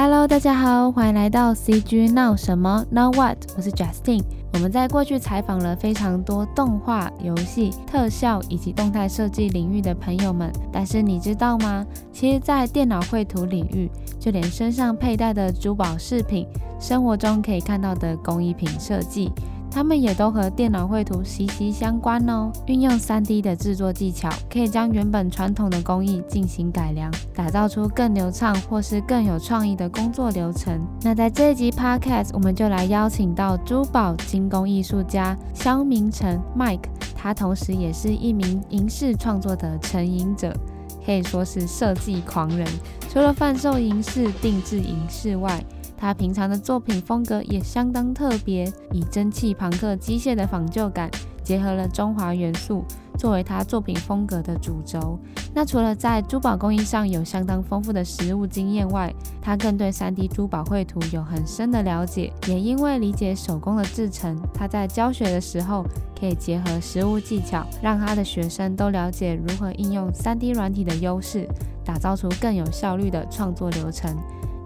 Hello，大家好，歡迎來到 CG Now 什麼 Now What？我是 Justin。我們在過去採訪了非常多動畫、遊戲、特效以及動態設計領域的朋友們，但是你知道嗎？其實，在電腦繪圖領域，就連身上佩戴的珠寶飾品、生活中可以看到的工藝品設計。他們也都和電腦繪圖息息相關哦。運用 3D 的製作技巧，可以將原本傳統的工藝進行改良，打造出更流暢或是更有創意的工作流程。那在這集 Podcast，我們就來邀請到珠寶金工藝術家蕭銘成 Mike，他同時也是一名銀飾創作的成癮者，可以說是設計狂人。除了販售銀飾、定制銀飾外，他平常的作品風格也相當特別，以蒸汽朋克、機械的仿舊感結合了中華元素，作為他作品風格的主軸。那除了在珠寶工藝上有相當豐富的實物經驗外，他更對 3D 珠寶繪圖有很深的了解。也因為理解手工的製程，他在教學的時候可以結合實物技巧，讓他的學生都了解如何應用 3D 軟體的優勢，打造出更有效率的創作流程。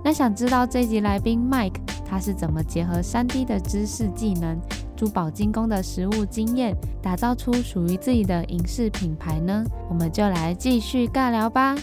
那想知道這一集來賓 Mike 他是怎麼結合三 D 的知識技能、珠寶金工的實務經驗，打造出屬於自己的銀飾品牌呢？我們就來繼續尬聊吧。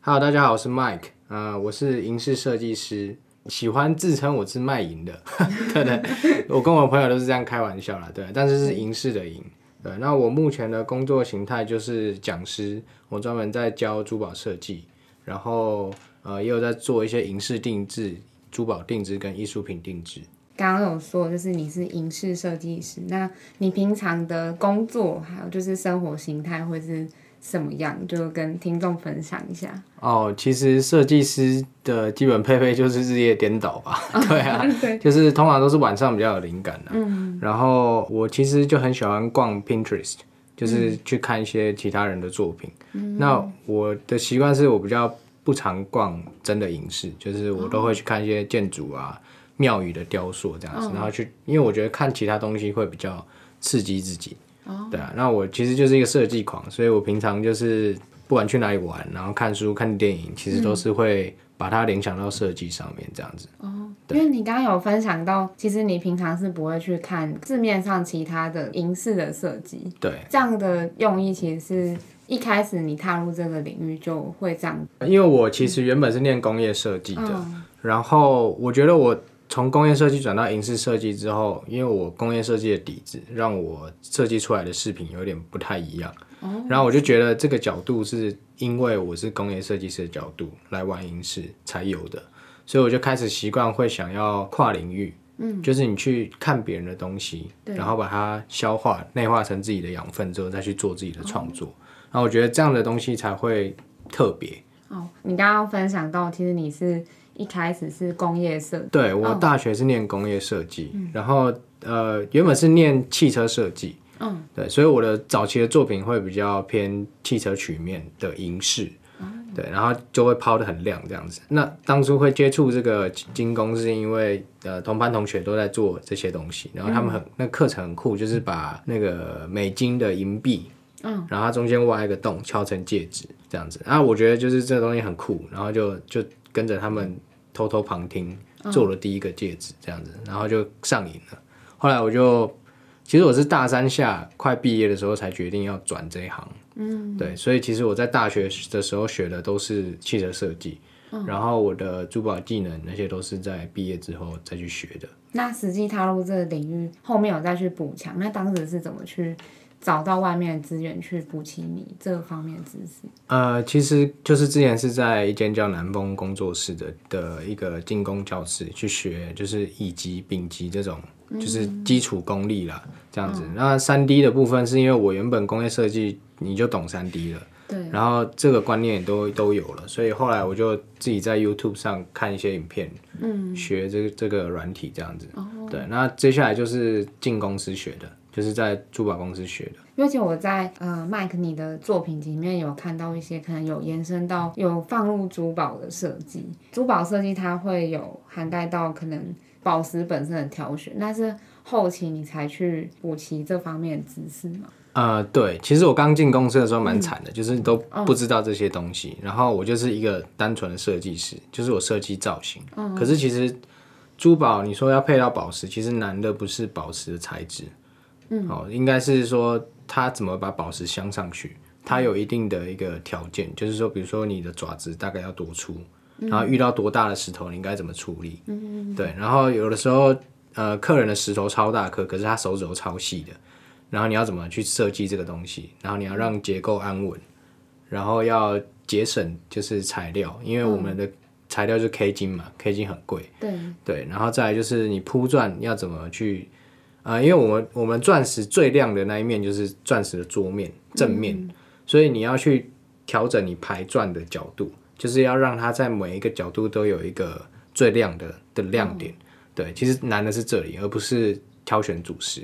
Hello，大家好，我是 Mike，啊、呃，我是銀飾設計師，喜歡自稱我是賣銀的， 對的，我跟我朋友都是這樣開玩笑啦，對，但是是銀飾的銀，對。那我目前的工作型態就是講師，我專門在教珠寶設計。然後，呃，也有在做一些銀飾定制、珠寶定制跟藝術品定制。剛剛有說，就是你是銀飾設計師，那你平常的工作還有就是生活形態會是什麼樣？就跟聽眾分享一下。哦，其實設計師的基本配備就是日夜顛倒吧？哦、對啊，對就是通常都是晚上比較有靈感的、啊。嗯。然後我其實就很喜歡逛 Pinterest。就是去看一些其他人的作品。嗯、那我的習慣是我比較不常逛真的影視，就是我都會去看一些建築啊、廟、哦、宇的雕塑這樣子，然後去，哦、因為我覺得看其他東西會比較刺激自己。哦、對啊，那我其實就是一個設計狂，所以我平常就是不管去哪裡玩，然後看書、看電影，其實都是會把它聯想到設計上面這樣子。嗯哦因為你剛剛有分享到，其實你平常是不會去看市面上其他的銀飾的設計，對這樣的用意，其實是一開始你踏入這個領域就會這樣？因為我其實原本是念工業設計的，嗯、然後我覺得我從工業設計轉到銀飾設計之後，因為我工業設計的底子，讓我設計出來的飾品有點不太一樣，哦、然後我就覺得這個角度是因為我是工業設計師的角度來玩銀飾才有的。所以我就開始習慣會想要跨領域，嗯，就是你去看別人的東西，對然後把它消化、內化成自己的養分之後，再去做自己的創作。哦、然後我覺得這樣的東西才會特別。哦，你剛剛分享到，其實你是一開始是工業設計，對，我大學是念工業設計，哦、然後呃原本是念汽車設計，嗯、對，所以我的早期的作品會比較偏汽車曲面的銀飾。對，然後就會拋得很亮這樣子。那當初會接觸這個金工，是因為、嗯、呃，同班同學都在做這些東西，然後他們很那課程很酷，就是把那個美金的銀幣，嗯，然後它中間挖一個洞，敲成戒指這樣子。啊，我覺得就是這東西很酷，然後就就跟着他們偷偷旁聽，做了第一個戒指這樣子，然後就上癮了。後來我就，其實我是大三下快畢業的時候才決定要轉這一行。嗯，對，所以其實我在大學的時候學的都是汽車設計，哦、然後我的珠寶技能那些都是在畢業之後再去學的。那實際踏入這個領域，後面有再去補強，那當時是怎麼去？找到外面資源去補齊你這個、方面的知識。呃，其實就是之前是在一間叫南風工作室的的一個金工教室去學，就是乙級、丙級這種，就是基礎功力了，嗯、這樣子。嗯，那三 D 的部分是因為我原本工業設計你就懂三 D 了，對了，然後這個觀念也都都有了，所以後來我就自己在 YouTube 上看一些影片，嗯，學這這個軟體這樣子。哦，對，那接下來就是進公司學的，就是在珠寶公司學的。而且我在呃 Mike 你的作品裡面有看到一些可能有延伸到有放入珠寶的設計，珠寶設計它會有涵蓋到可能寶石本身的挑選，那是後期你才去補齊這方面的知識嗎？呃，對，其實我剛進公司的時候蠻慘的，嗯、就是都不知道這些東西，哦、然後我就是一個單純的設計師，就是我設計造型。嗯、可是其實珠寶你說要配到寶石，其實難的不是寶石的材質，嗯，哦，應該是說。他怎麼把寶石鑲上去？他有一定的一個條件，就是說，比如說你的爪子大概要多粗，嗯、然後遇到多大的石頭，你應該怎麼處理？嗯、對。然後有的時候，對呃，客人的石頭超大顆，可是他手指頭超細的，然後你要怎麼去設計這個東西？然後你要讓結構安穩，然後要節省就是材料，因為我們的材料就是 K 金嘛，嗯，K 金很貴。對對，然後再來就是你鋪鑽要怎麼去？啊、呃，因為我們我們鑽石最亮的那一面就是鑽石的桌面正面，嗯、所以你要去調整你排鑽的角度，就是要讓它在每一個角度都有一個最亮的的亮點。嗯、對，其實難的是這裡，而不是挑選主石。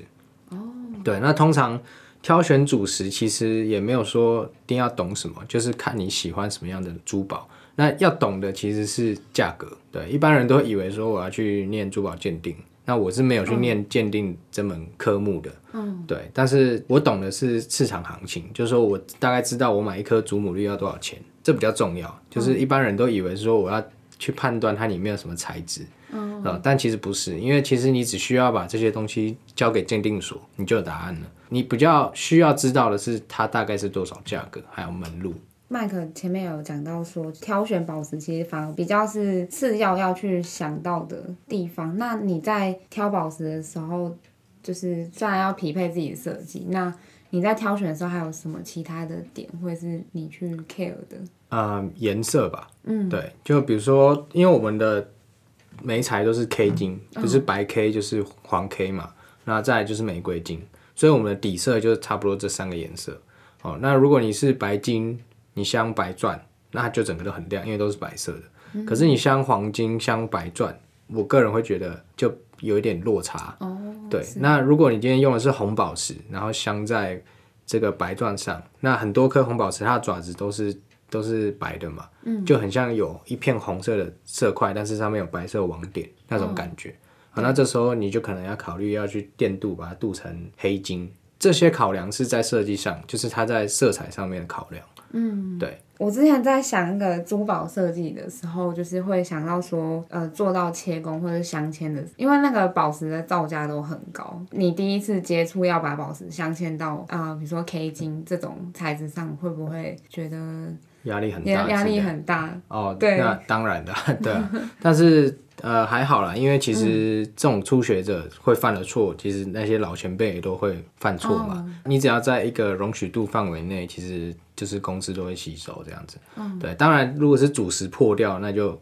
哦、對，那通常挑選主石其實也沒有說一定要懂什麼，就是看你喜歡什麼樣的珠寶。那要懂的其實是價格。對，一般人都以為說我要去念珠寶鑑定。那我是沒有去念鑑定這門科目的，嗯，對，但是我懂的是市場行情，就是說我大概知道我買一顆祖母綠要多少錢，這比較重要。嗯、就是一般人都以為說我要去判斷它裡面有什麼材質，嗯，啊、嗯，但其實不是，因為其實你只需要把這些東西交給鑑定所，你就有答案了。你比較需要知道的是它大概是多少價格，還有門路。麥克前面有講到說，挑選寶石其實反而比較是次要要去想到的地方。那你在挑寶石的時候，就是雖然要匹配自己的設計，那你在挑選的時候還有什麼其他的點，或是你去 care 的？呃，顏色吧。嗯，對，就比如說，因為我們的媒材都是 K 金，不、嗯、是白 K 就是黃 K 嘛，那、嗯、再來就是玫瑰金，所以我們的底色就差不多這三個顏色。哦，那如果你是白金。你鑲白鑽，那它就整個都很亮，因為都是白色的。嗯、可是你鑲黃金、鑲白鑽，我個人會覺得就有一點落差。哦、對。是嗎？那如果你今天用的是紅寶石，然後鑲在這個白鑽上，那很多顆紅寶石它的爪子都是都是白的嘛，嗯、就很像有一片紅色的色塊，但是上面有白色的網點那種感覺。哦、好，那這時候你就可能要考慮要去電鍍，把它鍍成黑金。這些考量是在設計上，就是它在色彩上面的考量。嗯，對。我之前在想那個珠寶設計的時候，就是會想到說，呃，做到切工或者鑲嵌的，因為那個寶石的造價都很高。你第一次接觸要把寶石鑲嵌到，啊、呃，比如說 K 金這種材質上，嗯、會不會覺得？壓力很大，壓力很大的哦。對，那當然的，對。 但是呃，還好啦，因為其實這種初學者會犯了錯，嗯、其實那些老前輩也都會犯錯嘛。哦、你只要在一個容許度範圍內，其實就是公司都會吸收這樣子。嗯、對，當然，如果是主石破掉，那就。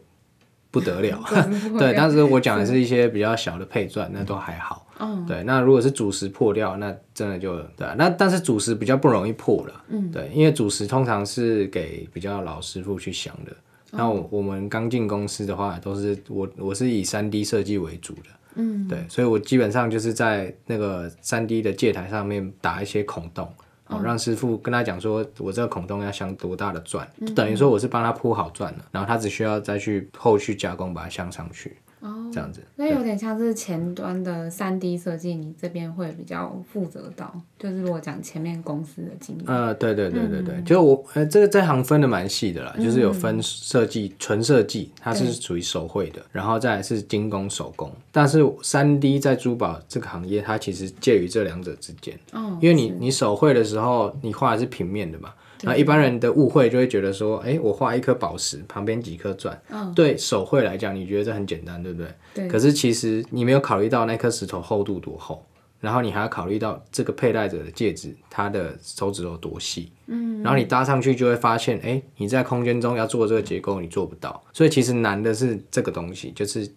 不得了， 對，當時對我講的是一些比較小的配鑽，是那都還好。嗯、對，那如果是主石破掉，那真的就對。那但是主石比較不容易破了，嗯、對，因為主石通常是給比較老師傅去鑲的。那、嗯、我們剛進公司的話，都是我我是以三 D 設計為主的，嗯、對，所以我基本上就是在那個三 D 的戒台上面打一些孔洞。好、哦，讓師傅跟他講說，嗯、我這個孔洞要鑲多大的鑽，就等於說我是幫他鋪好鑽了，然後他只需要再去後續加工把它鑲上去。哦，這樣子，那、哦、有點像是前端的三 D 設計，你這邊會比較負責到，就是如果講前面公司的經驗。呃，對對對對對，就、嗯、我呃、欸、這個這行分得蠻細的啦，就是有分設計純設計，它是屬於手繪的，對然後再來是精工手工，但是三 D 在珠寶這個行業，它其實介於這兩者之間。嗯、哦，因為你是你手繪的時候，你畫的是平面的嘛。那一般人的誤會就會覺得說，誒，我畫一顆寶石，旁邊幾顆鑽，oh. 對手繪來講，你覺得這很簡單，對不對？對。可是其實你沒有考慮到那顆石頭厚度多厚，然後你還要考慮到這個佩戴者的戒指，他的手指頭多細。嗯。然後你搭上去就會發現，誒，你在空間中要做這個結構，你做不到。所以其實難的是這個東西，就是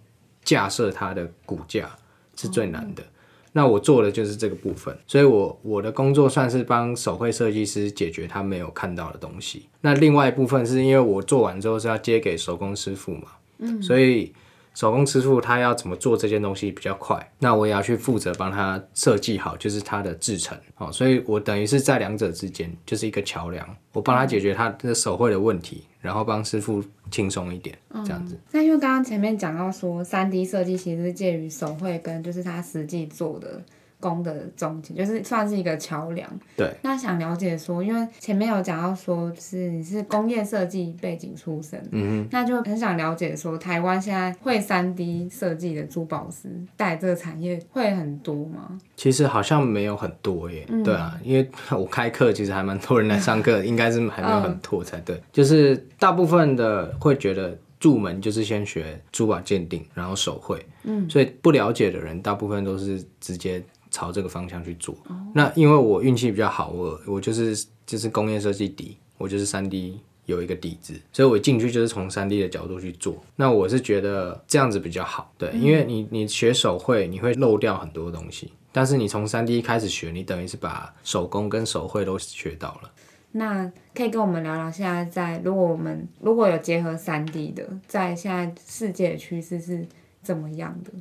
架設它的骨架是最難的。Oh. 那我做的就是這個部分，所以我我的工作算是幫手繪設計師解決他沒有看到的東西。那另外一部分是因為我做完之後是要接給手工師傅嘛，嗯，所以。手工師傅他要怎麼做這件東西比較快，那我也要去負責幫他設計好，就是它的製程。好、哦，所以我等於是在兩者之間就是一個橋樑，我幫他解決他的手繪的問題，嗯、然後幫師傅輕鬆一點、嗯、這樣子。那因為剛剛前面講到說，3D 設計其實是介於手繪跟就是他實際做的工的中間就是算是一個橋樑。對。那想了解說，因為前面有講到說，是你是工業設計背景出身，嗯哼、嗯，那就很想了解說，台灣現在會三 D 設計的珠寶師，帶這個產業會很多嗎？其實好像沒有很多耶，對啊，嗯、因為我開課其實還蠻多人來上課， 應該是還沒有很多才對。嗯、就是大部分的會覺得入門就是先學珠寶鑑定，然後手繪，嗯，所以不了解的人，大部分都是直接。朝這個方向去做。Oh. 那因為我運氣比較好，我我就是就是工業設計底，我就是三 D 有一個底子，所以我進去就是從三 D 的角度去做。那我是覺得這樣子比較好，對，嗯。因為你你學手繪，你會漏掉很多東西，但是你從三 D 開始學，你等於是把手工跟手繪都學到了。那可以跟我們聊聊，現在在如果我們如果有結合三 D 的，在現在世界的趨勢是怎麼樣的？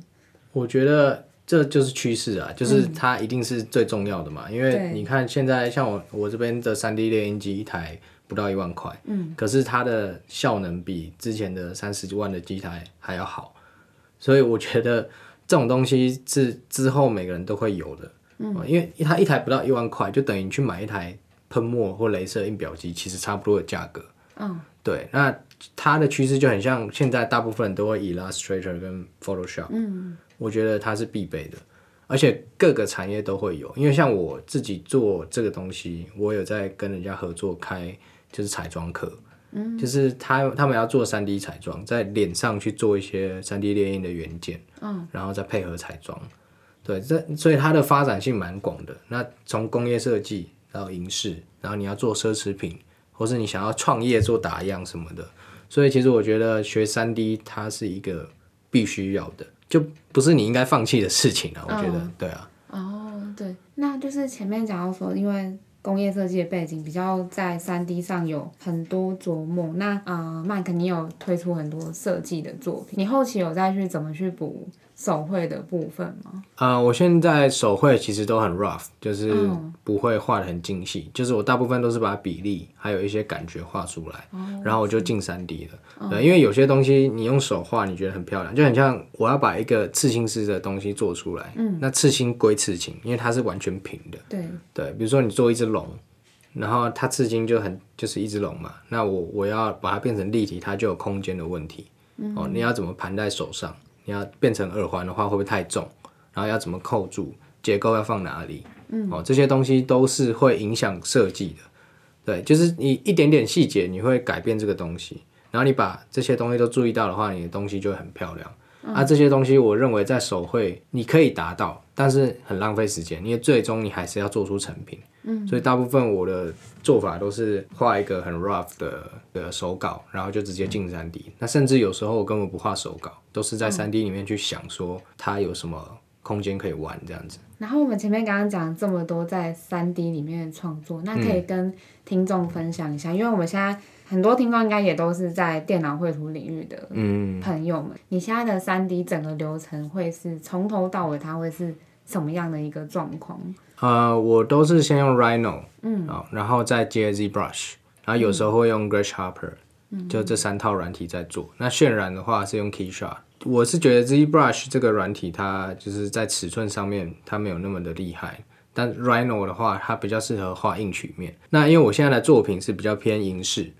我覺得。這就是趨勢啊，就是它一定是最重要的嘛，嗯、因為你看現在像我我這邊的三 D 列印機一台不到一萬塊，嗯、可是它的效能比之前的三十幾萬的機台還要好，所以我覺得這種東西是之後每個人都會有的，嗯、因為它一台不到一萬塊，就等於去買一台噴墨或雷射印表機其實差不多的價格，哦、對，那它的趨勢就很像現在大部分人都會 Illustrator 跟 Photoshop，、嗯我覺得它是必備的，而且各個產業都會有。因為像我自己做這個東西，我有在跟人家合作開，就是彩妝課，嗯，就是他他們要做三 D 彩妝，在臉上去做一些三 D 列印的元件，嗯、哦，然後再配合彩妝，對，這所以它的發展性蠻廣的。那從工業設計到影視，然後你要做奢侈品，或是你想要創業做打樣什麼的，所以其實我覺得學三 D 它是一個必須要的。就不是你應該放棄的事情了、啊，我覺得，uh, 對啊。哦，oh, 對，那就是前面講到說，因為工業設計的背景比較在 3D 上有很多琢磨，那啊、uh,，Mike 你有推出很多設計的作品，你後期有再去怎麼去補？手繪的部分嗎？啊、呃，我現在手繪其實都很 rough，就是不會畫得很精細。嗯、就是我大部分都是把比例還有一些感覺畫出來，哦、然後我就進三 D 了。嗯、對，因為有些東西你用手畫，你覺得很漂亮，嗯、就很像我要把一個刺青師的東西做出來。嗯，那刺青歸刺青，因為它是完全平的。對對，比如說你做一隻龍，然後它刺青就很就是一隻龍嘛。那我我要把它變成立體，它就有空間的問題。嗯、哦，你要怎麼盤在手上？你要變成耳環的話，會不會太重？然後要怎麼扣住？結構要放哪裡？嗯，哦，這些東西都是會影響設計的。對，就是你一點點細節，你會改變這個東西。然後你把這些東西都注意到的話，你的東西就會很漂亮。嗯、啊，這些東西我認為在手繪你可以達到。但是很浪費時間，因為最終你還是要做出成品。嗯，所以大部分我的做法都是畫一個很 rough 的的手稿，然後就直接進三 D。嗯、那甚至有時候我根本不畫手稿，都是在三 D 裡面去想說它有什麼空間可以玩這樣子。然後我們前面剛剛講這麼多在三 D 裡面創作，那可以跟聽眾分享一下，嗯、因為我們現在很多聽眾應該也都是在電腦繪圖領域的朋友們。嗯、你現在的三 D 整個流程會是從頭到尾，它會是？怎麼樣的一個狀況？呃，我都是先用 Rhino，嗯，啊、哦，然後再接 Z Brush，然後有時候會用 Grasshopper，就這三套軟體在做。嗯、那渲染的話是用 Keyshot。我是覺得 Z Brush 這個軟體它就是在尺寸上面它沒有那麼的厲害，但 Rhino 的話它比較適合畫硬曲面。那因為我現在的作品是比較偏銀飾。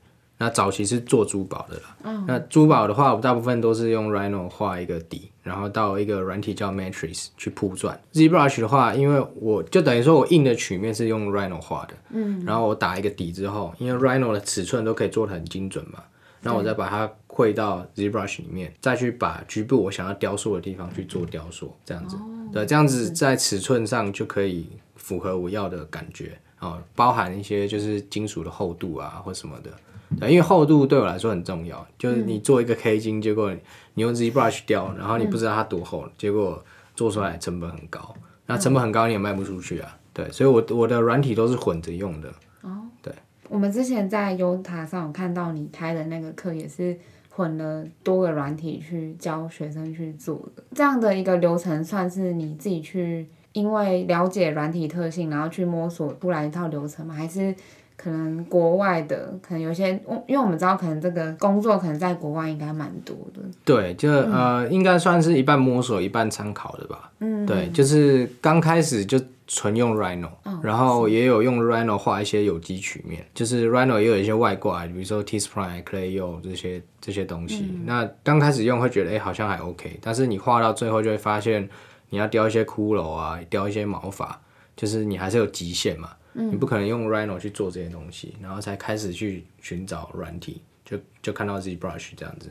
那早期是做珠寶的啦，oh. 那珠寶的話，我大部分都是用 Rhino 畫一個底，然後到一個軟體叫 Matrix 去鋪鑽。ZBrush 的話，因為我就等於說我硬的曲面是用 Rhino 畫的，嗯，然後我打一個底之後，因為 Rhino 的尺寸都可以做得很精準嘛，那我再把它匯到 ZBrush 裡面，是再去把局部我想要雕塑的地方去做雕塑，嗯嗯這樣子，那、oh, 這樣子在尺寸上就可以符合我要的感覺，哦，包含一些就是金屬的厚度啊或什麼的。對，因為厚度對我來說很重要。就是你做一個 K 金，嗯、結果你用 ZBrush 雕，然後你不知道它多厚，嗯、結果做出來成本很高。嗯、那成本很高你也賣不出去啊。對，所以我我的軟體都是混着用的。哦，對，我們之前在 Yotta 上，看到你開的那個課也是混了多個軟體去教學生去做的這樣的一個流程，算是你自己去因為了解軟體特性，然後去摸索出來一套流程嗎？還是？可能國外的，可能有些，因為我們知道，可能這個工作可能在國外應該蠻多的。對，就、嗯、呃，應該算是一半摸索，一半參考的吧。嗯，對，就是剛開始就純用 Rhino，、哦、然後也有用 Rhino 畫一些有機曲面，是就是 Rhino 也有一些外掛，比如說 t s p r i n e Clay、U 這些這些東西。嗯、那剛開始用會覺得，哎、欸，好像還 OK，但是你畫到最後就會發現，你要雕一些骷髏啊，雕一些毛髮，就是你還是有極限嘛。你不可能用 Rhino 去做這些東西，然後才開始去尋找軟體，就就看到 ZBrush 這樣子。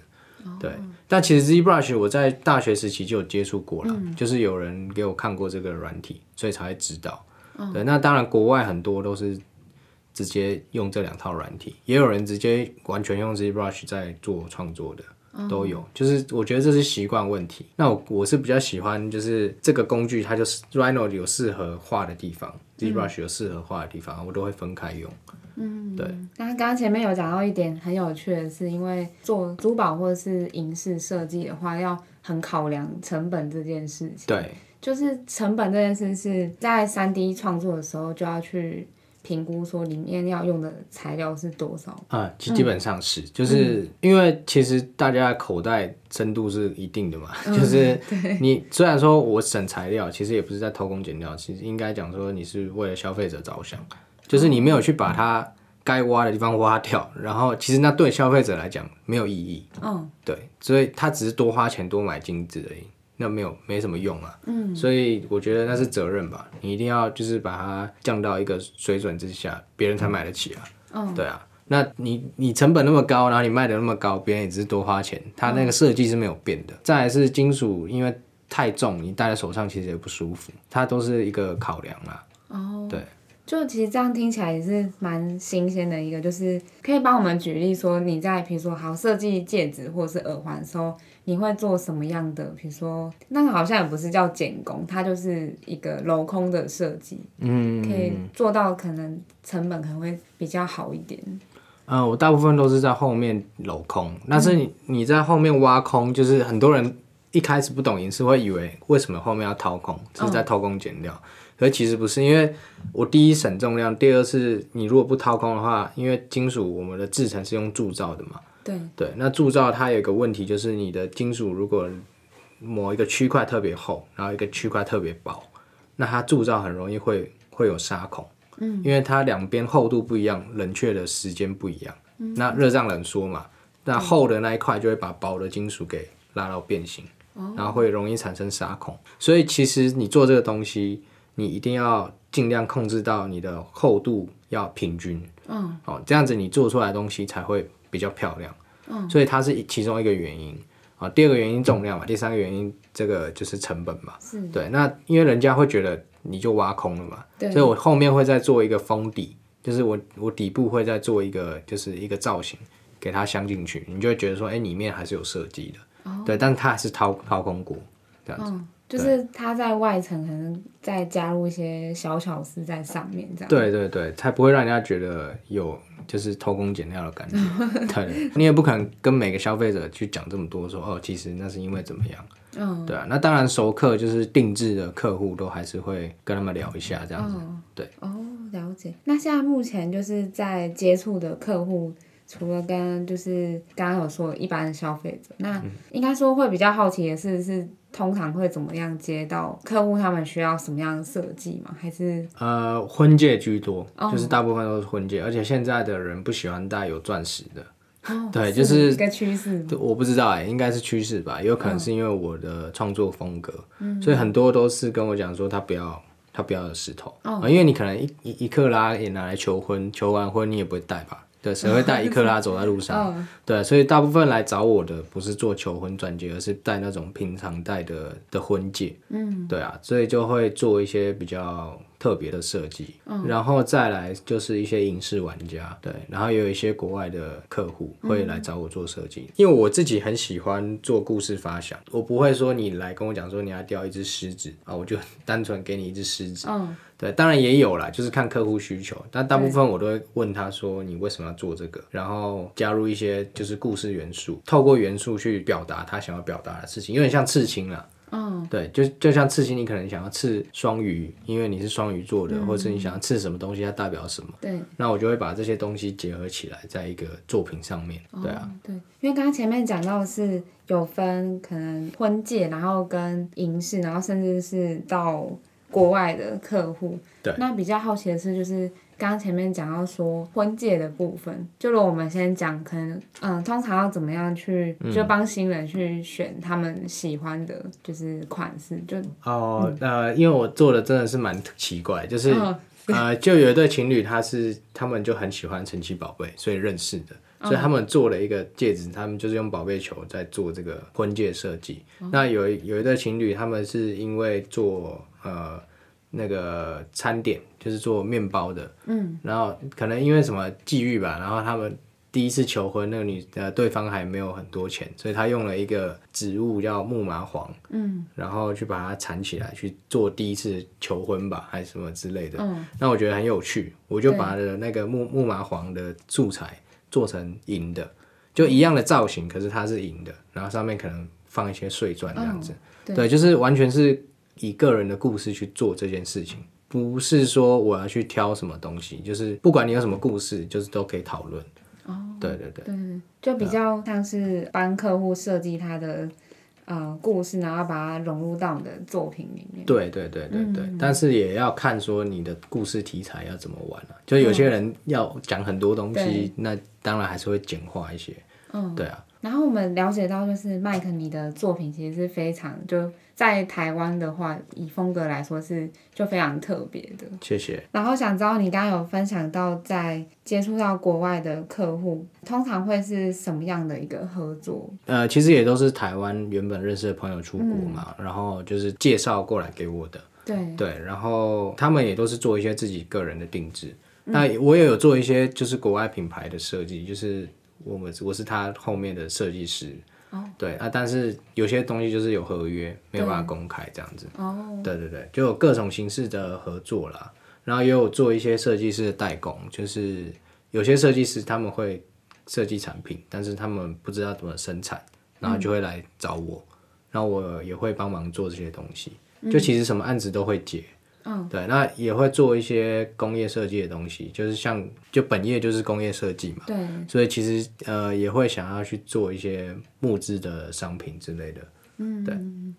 對，哦、但其實 ZBrush 我在大學時期就有接觸過了，嗯、就是有人給我看過這個軟體，所以才會知道。對，哦、那當然國外很多都是直接用這兩套軟體，也有人直接完全用 ZBrush 在做創作的。都有，哦、就是我覺得這是習慣問題。那我我是比較喜歡，就是這個工具它就是 Rhino 有適合畫的地方，Z Brush 有適合畫的地方，地方嗯、我都會分開用。嗯，對。那剛剛前面有講到一點很有趣的是，因為做珠寶或者是銀飾設計的話，要很考量成本這件事情。對，就是成本這件事是在 3D 創作的時候就要去。評估說裡面要用的材料是多少？嗯，基本上是，嗯、就是因為其實大家的口袋深度是一定的嘛，嗯、就是你雖然說我省材料，其實也不是在偷工減料，其實應該講說你是為了消費者着想，就是你沒有去把它該挖的地方挖掉，嗯、然後其實那對消費者來講沒有意義。嗯，對，所以他只是多花錢多買金子而已。那沒有沒什麼用啊，嗯，所以我覺得那是責任吧，你一定要就是把它降到一個水準之下，別人才買得起啊，嗯、對啊，那你你成本那麼高，然後你賣的那麼高，別人也只是多花錢，它那個設計是沒有變的，嗯、再來是金屬因為太重，你戴在手上其實也不舒服，它都是一個考量啦、啊，哦，對，就其實這樣聽起來也是蠻新鮮的一個，就是可以幫我們舉例說你在比如說好設計戒指或者是耳環的時候。你會做什麼樣的？比如說，那個好像也不是叫減工，它就是一個鏤空的設計，嗯，可以做到可能成本可能會比較好一點。嗯、呃，我大部分都是在後面鏤空。但是你你在後面挖空，嗯、就是很多人一開始不懂銀飾會以為為什麼後面要掏空，是在偷工減料。嗯、可是其實不是，因為我第一省重量，第二是你如果不掏空的話，因為金屬我們的製程是用鑄造的嘛。對，那鑄造它有一個問題，就是你的金屬如果某一個區塊特別厚，然後一個區塊特別薄，那它鑄造很容易會會有砂孔。嗯，因為它兩邊厚度不一樣，冷卻的時間不一樣，嗯、那熱脹冷縮嘛，嗯、那厚的那一塊就會把薄的金屬給拉到變形，嗯、然後會容易產生砂孔。所以其實你做這個東西，你一定要盡量控制到你的厚度要平均。嗯、哦哦，這樣子你做出來的東西才會比較漂亮。嗯、所以它是其中一個原因啊，第二個原因重量嘛，嗯、第三個原因這個就是成本嘛。是對。那因為人家會覺得你就挖空了嘛，對所以我後面會再做一個封底，就是我我底部會再做一個就是一個造型，給它鑲進去，你就會覺得說，哎、欸，裡面還是有設計的。哦。對，但是它還是掏掏空過。這樣子。嗯。就是它在外層可能再加入一些小巧思在上面這樣。對對對，才不會讓人家覺得有。就是偷工減料的感覺， 對，你也不可能跟每個消費者去講這麼多說，說哦，其實那是因為怎麼樣，哦、對啊，那當然熟客就是定製的客戶，都還是會跟他們聊一下這樣子，哦、對，哦，了解。那現在目前就是在接觸的客戶，除了跟就是剛剛有說一般的消費者，那應該說會比較好奇的是是。通常會怎麼樣接到客戶？他們需要什麼樣的設計嗎？還是呃，婚戒居多，oh. 就是大部分都是婚戒，而且現在的人不喜歡戴有鑽石的，oh, 對，是就是一個趨勢。我不知道哎、欸，應該是趨勢吧，有可能是因為我的創作風格，oh. 所以很多都是跟我講說他不要他不要有石頭啊，oh. 因為你可能一一克拉也拿來求婚，求完婚你也不會戴吧。對，誰會戴一克拉走在路上？哦、對，所以大部分來找我的不是做求婚鑽戒，而是戴那種平常戴的的婚戒。嗯，對啊，所以就會做一些比較。特別的設計，oh. 然後再來就是一些影視玩家，對，然後也有一些國外的客戶會來找我做設計，嗯。因為我自己很喜歡做故事發想，我不會說你來跟我講說你要雕一只獅子啊，我就單純給你一只獅子，oh. 對，當然也有啦，就是看客戶需求，但大部分我都會問他說你為什麼要做這個，對然後加入一些就是故事元素，透過元素去表達他想要表達的事情，有點像刺青啦。嗯，哦、對，就就像刺青，你可能想要刺雙魚，因為你是雙魚座的，嗯、或是你想要刺什麼東西，它代表什麼？對，那我就會把這些東西結合起來，在一個作品上面。哦、對啊，對，因為剛剛前面講到的是有分可能婚戒，然後跟銀飾，然後甚至是到國外的客戶、嗯。對，那比較好奇的是就是。剛前面講到說婚戒的部分，就如我們先講，可能嗯、呃，通常要怎麼樣去，嗯、就幫新人去選他們喜歡的，就是款式，就哦，嗯、呃，因為我做的真的是蠻奇怪，就是、哦、 呃，就有一對情侶，他是他們就很喜歡神奇寶貝，所以認識的，所以他們做了一個戒指，嗯、他們就是用寶貝球在做這個婚戒設計。哦、那有有一對情侶，他們是因為做呃。那個餐點就是做麵包的，嗯，然後可能因為什麼際遇吧，然後他們第一次求婚，那個女的對方還沒有很多錢，所以他用了一個植物叫木麻黃，嗯，然後去把它纏起來去做第一次求婚吧，還是什麼之類的，嗯，那我覺得很有趣，我就把那個木對木麻黃的素材做成銀的，就一樣的造型，可是它是銀的，然後上面可能放一些碎鑽這樣子，哦，對，對，就是完全是。一個人的故事去做這件事情，不是說我要去挑什麼東西，就是不管你有什麼故事，就是都可以討論。哦，對對對，對，就比較像是幫客戶設計他的、嗯、呃故事，然後把它融入到你的作品裡面。對對對對對，嗯、但是也要看說你的故事題材要怎麼玩了、啊。就有些人要講很多東西，嗯、那當然還是會簡化一些。嗯，對啊。然後我們了解到，就是麥克你的作品其實是非常就。在台灣的話，以風格來說是就非常特別的。謝謝。然後想知道你剛剛有分享到，在接觸到國外的客戶，通常會是什麼樣的一個合作？呃，其實也都是台灣原本認識的朋友出國嘛，嗯、然後就是介紹過來給我的。對對，然後他們也都是做一些自己個人的定制。嗯、那我也有做一些就是國外品牌的設計，就是我們我是他後面的設計師。對啊，但是有些東西就是有合約，沒有辦法公開這樣子。哦對，對對對，就有各種形式的合作啦。然後也有做一些設計師的代工，就是有些設計師他們會設計產品，但是他們不知道怎麼生產，然後就會來找我，嗯、然後我也會幫忙做這些東西。就其實什麼案子都會接。對，那也會做一些工業設計的東西，就是像就本業就是工業設計嘛。對。所以其實呃也會想要去做一些木質的商品之類的。嗯，對。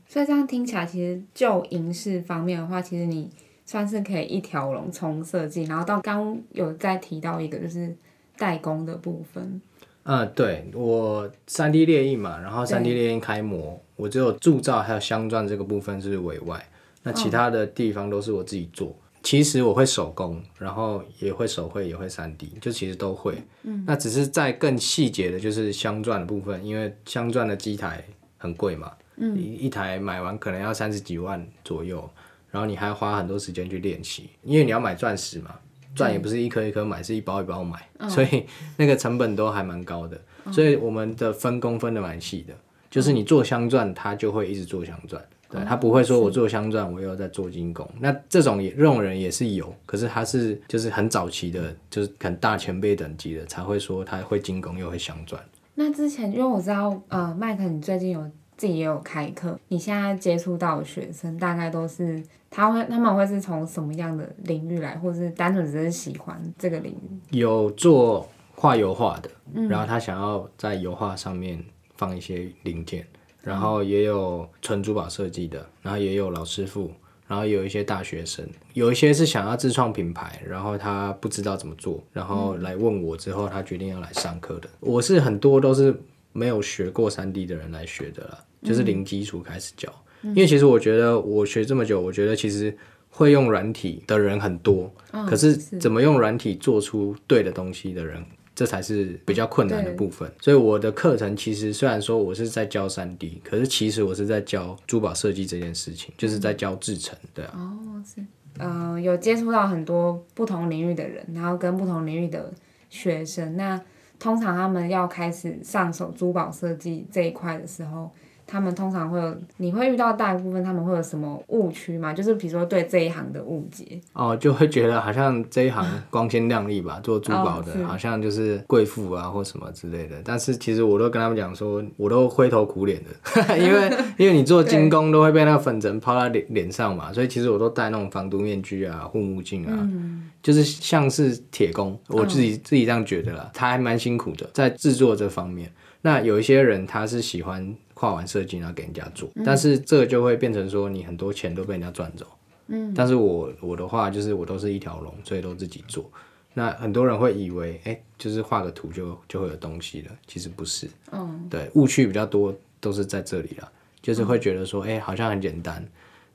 所以這樣聽起來，其實就銀飾方面的話，其實你算是可以一條龍從設計，然後到剛有再提到一個就是代工的部分。嗯，對我 3D 列印嘛，然後 3D 列印開模，對我只有鑄造還有鑲鑽這個部分是委外。那其他的地方都是我自己做，oh. 其實我會手工，然後也會手繪，也會 3D，就其實都會。嗯、那只是在更細節的，就是鑲鑽的部分，因為鑲鑽的機台很貴嘛，嗯、一一台買完可能要三十幾萬左右，然後你還花很多時間去練習，因為你要買鑽石嘛，鑽、嗯、也不是一顆一顆買，是一包一包買，oh. 所以那個成本都還蠻高的。所以我們的分工分的蠻細的，oh. 就是你做鑲鑽，嗯、它就會一直做鑲鑽。對、哦、他不會說，我做鑲鑽，是我又在做金工。那這種也這種人也是有，可是他是就是很早期的，就是很大前輩等級的才會說他會金工又會鑲鑽。那之前因為我知道，呃，Mike，你最近有自己也有開課，你現在接觸到的學生大概都是他會他們會是從什麼樣的領域來，或是單純只是喜歡這個領域？有做畫油畫的，嗯、然後他想要在油畫上面放一些零件，然後也有純珠寶設計的，然後也有老師傅，然後有一些大學生，有一些是想要自創品牌，然後他不知道怎麼做，然後來問我之後，他決定要來上課的。我是很多都是沒有學過 3D 的人來學的啦，嗯、就是零基礎開始教。嗯、因為其實我覺得我學這麼久，我覺得其實會用軟體的人很多，哦、可是怎麼用軟體做出對的東西的人。這才是比較困難的部分，對所以我的課程其實雖然說我是在教三 D，可是其實我是在教珠寶設計這件事情，就是在教制程，嗯、對啊。嗯、哦呃，有接觸到很多不同領域的人，然後跟不同領域的學生。那通常他們要開始上手珠寶設計這一塊的時候，他們通常會有，你會遇到大部分他們會有什麼誤區嗎？就是比如說對這一行的誤解哦，oh, 就會覺得好像這一行光鮮亮麗吧， 做珠寶的，oh, 是好像就是貴婦啊或什麼之類的。但是其實我都跟他們講說，我都灰頭苦臉的， 因為因為你做金工都會被那個粉塵拋到臉臉上嘛， 對所以其實我都戴那種防毒面具啊、護目鏡啊， 就是像是鐵工，我自己自己這樣覺得啦，oh. 他還蠻辛苦的，在制作這方面。那有一些人他是喜歡。畫完設計然後給人家做，嗯、但是這就會變成說你很多錢都被人家賺走。嗯，但是我我的話就是我都是一條龍，所以都自己做。那很多人會以為，哎、欸，就是畫個圖就就會有東西了，其實不是。嗯、哦，對，誤區比較多都是在這裡了，就是會覺得說，哎、嗯欸，好像很簡單，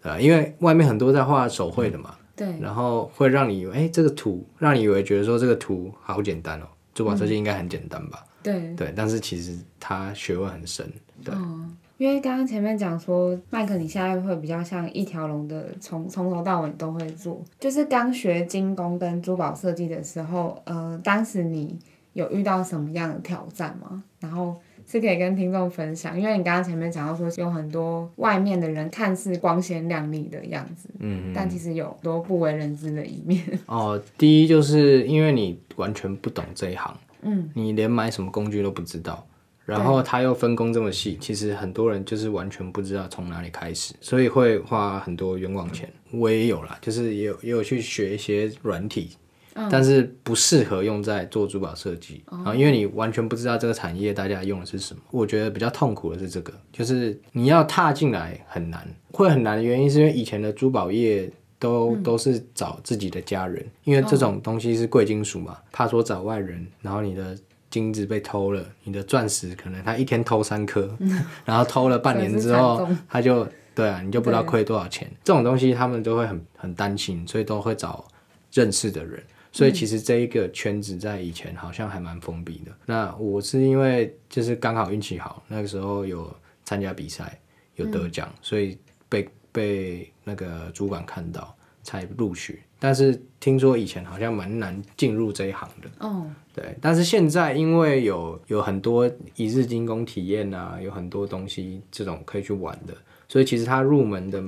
啊，因為外面很多在畫手繪的嘛。嗯、對。然後會讓你以為，哎、欸，這個圖讓你以為覺得說這個圖好簡單哦、喔，珠寶設計應該很簡單吧？嗯、對。對，但是其實它學問很深。嗯對、哦，因為剛剛前面講說，麥克你現在會比較像一條龍的從，從從頭到尾都會做。就是剛學金工跟珠寶設計的時候，呃，當時你有遇到什麼樣的挑戰嗎？然後是可以跟聽眾分享，因為你剛剛前面講到說，有很多外面的人看似光鮮亮麗的樣子，嗯哼，但其實有很多不為人知的一面。哦，第一就是因為你完全不懂這一行，嗯，你連買什麼工具都不知道。然後他又分工這麼細，對其實很多人就是完全不知道從哪裡開始，所以會花很多冤枉錢。嗯、我也有啦，就是也有也有去學一些軟體，嗯、但是不適合用在做珠寶設計。嗯、然後因為你完全不知道這個產業大家用的是什麼，哦、我覺得比較痛苦的是這個，就是你要踏進來很難，會很難的原因是因為以前的珠寶業都、嗯、都是找自己的家人，因為這種東西是貴金屬嘛，哦、怕說找外人，然後你的。金子被偷了，你的鑽石可能他一天偷三顆，嗯、然後偷了半年之後，他就對啊，你就不知道虧多少錢。對這種東西他們都會很很擔心，所以都會找認識的人。所以其實這一個圈子在以前好像還蠻封閉的。嗯、那我是因為就是剛好運氣好，那個時候有參加比賽有得獎，嗯、所以被被那個主管看到才錄取。但是聽說以前好像蠻難進入這一行的，哦，oh. 對，但是現在因為有有很多一日金工體驗啊，有很多東西這種可以去玩的，所以其實它入門的。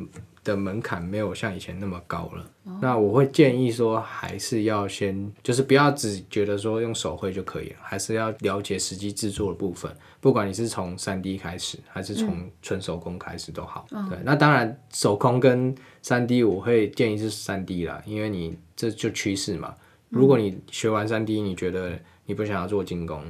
的門檻沒有像以前那麼高了，哦、那我會建議說，還是要先，就是不要只覺得說用手繪就可以了，還是要了解實際制作的部分。不管你是從三 D 開始，還是從純手工開始都好。嗯、對，那當然手工跟三 D，我會建議是三 D 啦，因為你這就趨勢嘛。如果你學完三 D，你覺得你不想要做金工，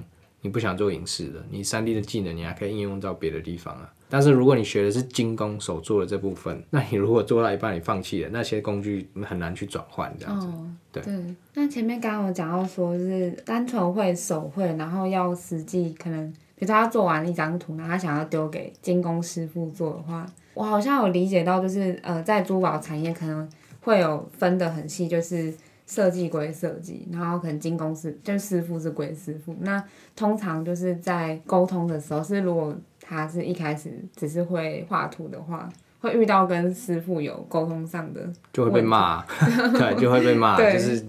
你不想做影視的，你三 D 的技能你還可以應用到別的地方啊。但是如果你學的是精工手做的這部分，那你如果做到一半你放棄了，那些工具你很難去轉換這樣子。哦、對，對，那前面剛剛我講到說是單純會手繪，然後要實際可能，比如他做完一張圖，然後他想要丟給精工師傅做的話，我好像有理解到就是呃，在珠寶產業可能會有分得很細，就是。設計歸設計，然後可能進公司就師傅是歸師傅。那通常就是在溝通的時候，是如果他是一開始只是會畫圖的話，會遇到跟師傅有溝通上的，就會被罵， 對，就會被罵， 對對就是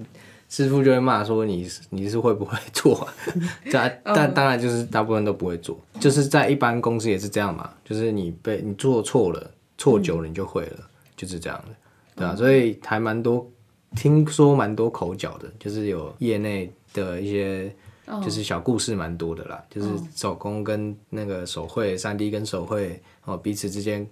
師傅就會罵說你你是會不會做？ 但 但當然就是大部分都不會做，就是在一般公司也是這樣嘛，就是你被你做錯了，錯久了你就會了，嗯、就是這樣的，對啊，所以還蠻多。聽說蠻多口角的，就是有業內的一些，就是小故事蠻多的啦，oh. 就是手工跟那個手繪、三 D 跟手繪哦，彼此之間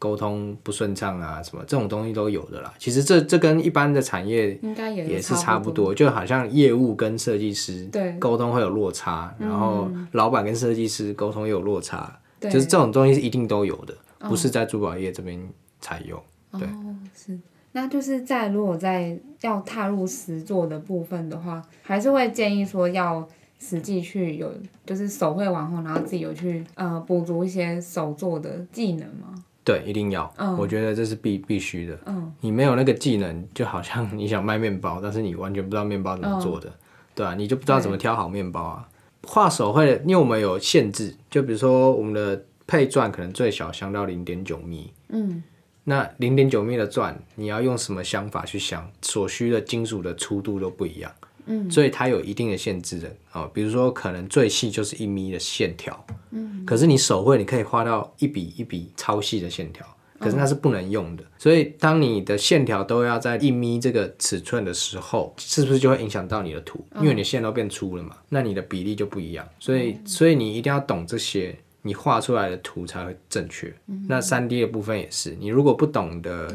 溝通不順暢啊，什麼這種東西都有的啦。其實這這跟一般的產業應該也是差不多，就好像業務跟設計師溝通會有落差，對然後老闆跟設計師溝通也有落差，嗯、就是這種東西是一定都有的，oh. 不是在珠寶業這邊才有。對，oh, 是。那就是在如果在要踏入實作的部分的話，還是會建議說要實際去有，就是手繪完後，然後自己有去呃補足一些手做的技能嗎？對，一定要，嗯、我覺得這是必必須的。嗯，你沒有那個技能，就好像你想賣麵包，但是你完全不知道麵包怎麼做的，嗯、對啊，你就不知道怎麼挑好麵包啊。畫對手繪，因為我們有限制，就比如說我們的配鑽可能最小鑲到零點九米。嗯。那零點九米的鑽，你要用什麼鑲法去鑲？所需的金屬的粗度都不一樣，嗯，所以它有一定的限制的哦，比如說，可能最細就是一米的線條，嗯，可是你手繪你可以畫到一筆一筆超細的線條，可是那是不能用的。嗯、所以，當你的線條都要在一米這個尺寸的時候，是不是就會影響到你的圖？嗯、因為你的線都變粗了嘛，那你的比例就不一樣。所以，嗯、所以你一定要懂這些。你畫出來的圖才會正確。嗯、哼那三 D 的部分也是，你如果不懂得。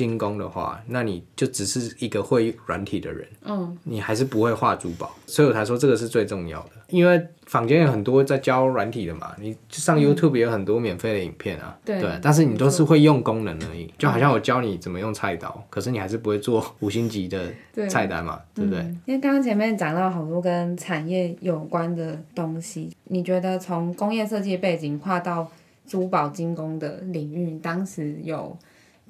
精工的話，那你就只是一個會軟體的人，嗯，你還是不會畫珠寶，所以我才說這個是最重要的。因為坊間有很多在教軟體的嘛，你上 YouTube 也有很多免費的影片啊，嗯、對，對，但是你都是會用功能而已，沒錯。就好像我教你怎麼用菜刀，嗯、可是你還是不會做五星級的菜單嘛，對，對不對？嗯、因為剛剛前面講到好多跟產業有關的東西，你覺得從工業設計背景跨到珠寶金工的領域，當時有？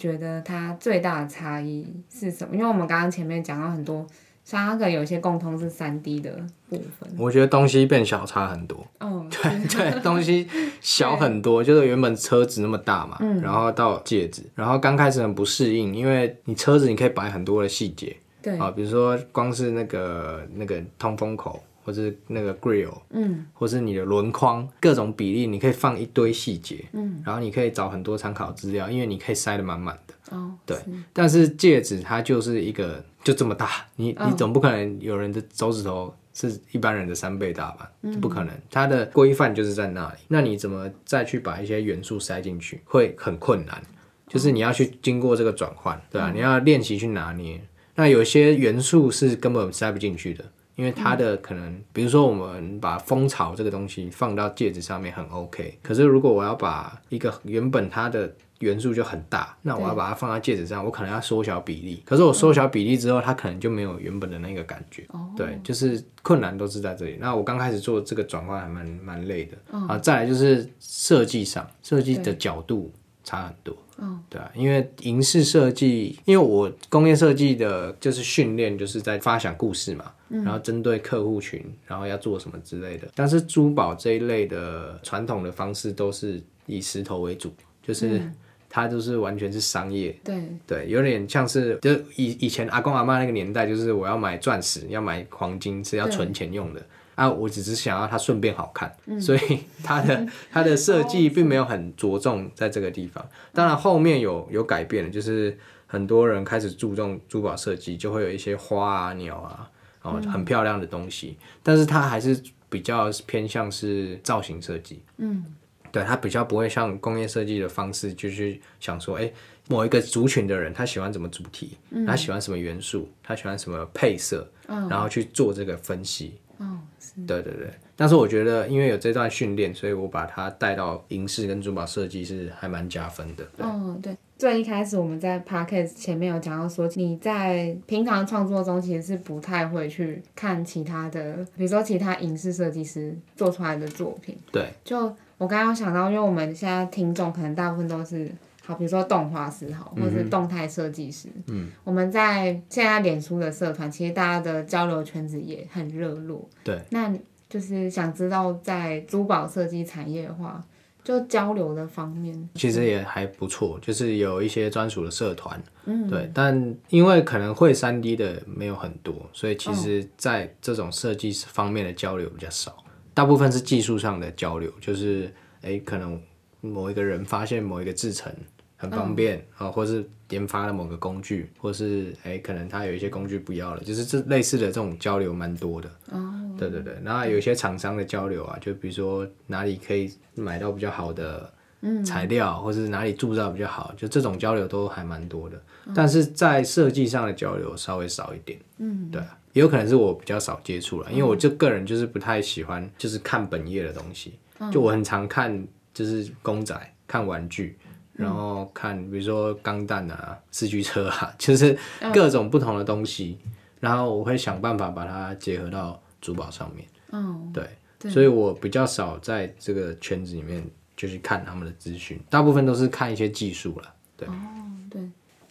覺得它最大的差異是什麼？因為我們剛剛前面講到很多，三個有些共通是三 D 的部分。我覺得東西變小差很多。對、oh, 對，對 東西小很多，對就是原本車子那麼大嘛，嗯、然後到戒指，然後剛開始很不適應，因為你車子你可以擺很多的細節，對啊，比如說光是那個那個通風口。或是那個 grill，嗯，或是你的輪框，各種比例，你可以放一堆細節，嗯，然後你可以找很多參考資料，因為你可以塞得滿滿的，哦，對。是但是戒指它就是一個就這麼大，你、哦、你總不可能有人的手指頭是一般人的三倍大吧？嗯、不可能，它的規範就是在那裡。那你怎麼再去把一些元素塞進去，會很困難，就是你要去經過這個轉換，對啊，嗯、你要練習去拿捏。那有些元素是根本塞不進去的。因為它的可能，嗯、比如說我們把蜂巢這個東西放到戒指上面很 OK，可是如果我要把一個原本它的元素就很大，那我要把它放到戒指上，對我可能要縮小比例。可是我縮小比例之後，它可能就沒有原本的那個感覺。嗯、對，就是困難都是在這裡。那我剛開始做這個轉換還蠻蠻累的，嗯、好，再來就是設計上，設計的角度差很多。Oh. 對啊，因為銀飾設計，因為我工業設計的就是訓練，就是在發想故事嘛，嗯、然後針對客戶群，然後要做什麼之類的。但是珠寶這一類的，傳統的方式都是以石頭為主，就是它就是完全是商業，對、嗯、對，有點像是就以以前阿公阿嬤那個年代，就是我要買鑽石，要買黃金是要存錢用的。啊，我只是想要它順便好看，嗯、所以它的它的設計並沒有很着重在這個地方。嗯、當然後面有有改變，就是很多人開始注重珠寶設計，就會有一些花啊、鳥啊，哦，很漂亮的東西。嗯、但是它還是比較偏向是造型設計。嗯，對，它比較不會像工業設計的方式，就是想說，誒、欸，某一個族群的人他喜歡什麼主題，他、嗯、喜歡什麼元素，他喜歡什麼配色，嗯、然後去做這個分析。是對對對，但是我覺得，因為有這段訓練，所以我把它帶到銀飾跟珠寶設計是還蠻加分的。嗯、哦，對。最一開始我們在 podcast 前面有講到說，你在平常創作中其實是不太會去看其他的，比如說其他銀飾設計師做出來的作品。對。就我剛剛想到，因為我們現在聽眾可能大部分都是。好，比如說動畫師好，或者是動態設計師嗯。嗯，我們在現在臉書的社團，其實大家的交流圈子也很熱絡。對，那就是想知道在珠寶設計產業的話，就交流的方面，其實也還不錯，就是有一些專屬的社團。嗯，對，但因為可能會 3D 的沒有很多，所以其實在這種設計方面的交流比較少，哦、大部分是技術上的交流，就是哎、欸，可能某一個人發現某一個製程。很方便啊、嗯哦，或是研發了某個工具，或是誒、欸，可能他有一些工具不要了，就是這類似的這種交流蠻多的。哦、對對對。那、嗯、有一些廠商的交流啊，就比如說哪裡可以買到比較好的材料，嗯、或是哪裡鑄造比較好，就這種交流都還蠻多的。嗯、但是在設計上的交流稍微少一點。嗯、對。也有可能是我比較少接觸了，嗯、因為我就個人就是不太喜歡，就是看本業的東西，嗯、就我很常看就是公仔、看玩具。嗯、然後看，比如說鋼彈啊、四驅車啊，就是各種不同的東西。嗯、然後我會想辦法把它結合到珠寶上面。嗯、哦，對，對，所以我比較少在這個圈子裡面，就是看他們的資訊，大部分都是看一些技術啦。對，哦、對，